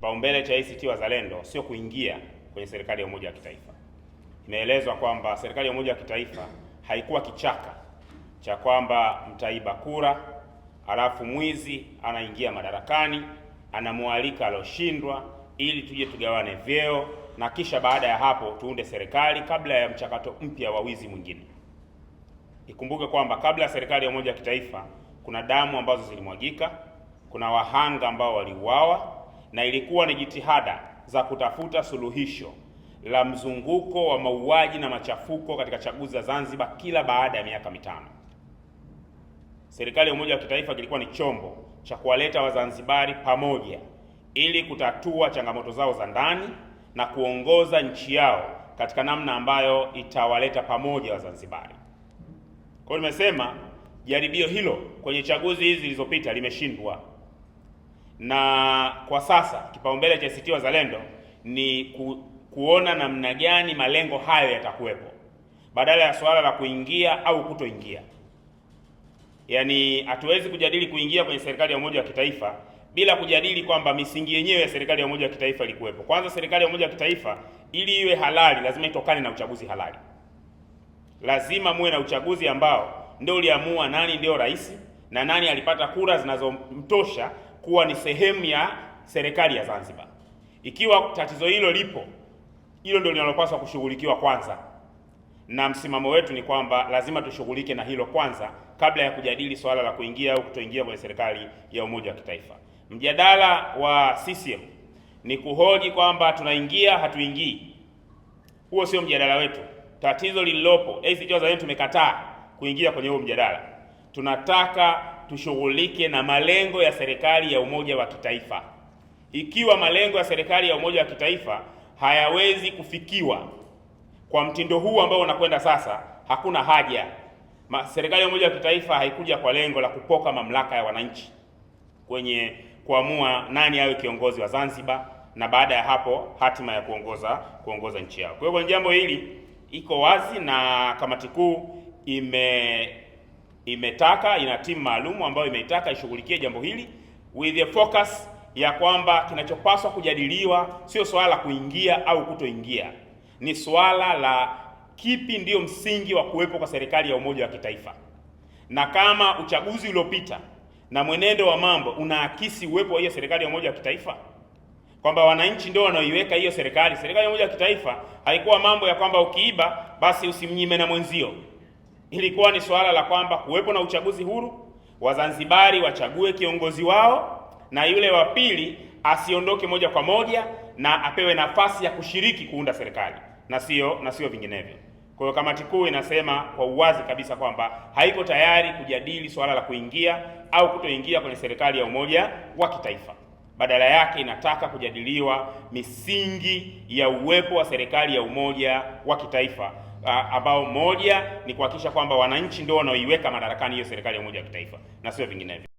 Kipaumbele cha ACT Wazalendo sio kuingia kwenye serikali ya umoja wa kitaifa. Imeelezwa kwamba serikali ya umoja wa kitaifa haikuwa kichaka cha kwamba mtaiba kura alafu mwizi anaingia madarakani anamwalika aloshindwa ili tuje tugawane vyeo na kisha baada ya hapo tuunde serikali kabla ya mchakato mpya wa wizi mwingine. Ikumbuke kwamba kabla ya serikali ya umoja wa kitaifa kuna damu ambazo zilimwagika, kuna wahanga ambao waliuawa na ilikuwa ni jitihada za kutafuta suluhisho la mzunguko wa mauaji na machafuko katika chaguzi za Zanzibar kila baada ya miaka mitano. Serikali ya Umoja wa Kitaifa kilikuwa ni chombo cha kuwaleta Wazanzibari pamoja ili kutatua changamoto zao za ndani na kuongoza nchi yao katika namna ambayo itawaleta pamoja Wazanzibari. Kwa hiyo nimesema jaribio hilo kwenye chaguzi hizi zilizopita limeshindwa na kwa sasa kipaumbele cha ACT Wazalendo ni ku, kuona namna gani malengo hayo yatakuwepo badala ya suala la kuingia au kutoingia. Yaani, hatuwezi kujadili kuingia kwenye serikali ya umoja wa kitaifa bila kujadili kwamba misingi yenyewe ya serikali ya umoja wa kitaifa ilikuwepo. Kwanza, serikali ya umoja wa kitaifa ili iwe halali lazima itokane na uchaguzi halali. Lazima muwe na uchaguzi ambao ndio uliamua nani ndio rais na nani alipata kura zinazomtosha kuwa ni sehemu ya serikali ya Zanzibar. Ikiwa tatizo hilo lipo, hilo ndio linalopaswa kushughulikiwa kwanza, na msimamo wetu ni kwamba lazima tushughulike na hilo kwanza kabla ya kujadili swala la kuingia au kutoingia kwenye serikali ya umoja wa kitaifa. Mjadala wa CCM ni kuhoji kwamba tunaingia hatuingii, huo sio mjadala wetu. Tatizo lililopo ACT Wazalendo tumekataa kuingia kwenye huo mjadala, tunataka tushughulike na malengo ya serikali ya umoja wa kitaifa. Ikiwa malengo ya serikali ya umoja wa kitaifa hayawezi kufikiwa kwa mtindo huu ambao unakwenda sasa, hakuna haja. Serikali ya umoja wa kitaifa haikuja kwa lengo la kupoka mamlaka ya wananchi kwenye kuamua nani awe kiongozi wa Zanzibar na baada ya hapo hatima ya kuongoza kuongoza nchi yao. Kwa hiyo kwenye jambo hili iko wazi na kamati kuu ime imetaka, ina timu maalum ambayo imeitaka ishughulikie jambo hili with the focus ya kwamba kinachopaswa kujadiliwa sio swala la kuingia au kutoingia, ni swala la kipi ndiyo msingi wa kuwepo kwa serikali ya umoja wa kitaifa, na kama uchaguzi uliopita na mwenendo wa mambo unaakisi uwepo wa hiyo serikali ya umoja wa kitaifa kwamba wananchi ndio wanaoiweka hiyo serikali. Serikali ya umoja wa kitaifa haikuwa mambo ya kwamba ukiiba basi usimnyime na mwenzio ilikuwa ni suala la kwamba kuwepo na uchaguzi huru, Wazanzibari wachague kiongozi wao na yule wa pili asiondoke moja kwa moja na apewe nafasi ya kushiriki kuunda serikali na sio na sio vinginevyo. Kwa hiyo kamati kuu inasema kwa uwazi kabisa kwamba haiko tayari kujadili suala la kuingia au kutoingia kwenye serikali ya umoja wa kitaifa. Badala yake inataka kujadiliwa misingi ya uwepo wa serikali ya umoja wa kitaifa ambao moja ni kuhakikisha kwamba wananchi ndio wanaoiweka madarakani hiyo serikali ya umoja wa kitaifa na sio vinginevyo.